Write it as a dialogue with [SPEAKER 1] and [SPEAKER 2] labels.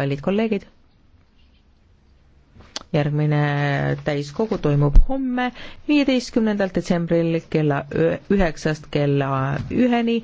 [SPEAKER 1] kallid kolleegid. järgmine täiskogu toimub homme, viieteistkümnendal detsembril kella üheksast kella
[SPEAKER 2] üheni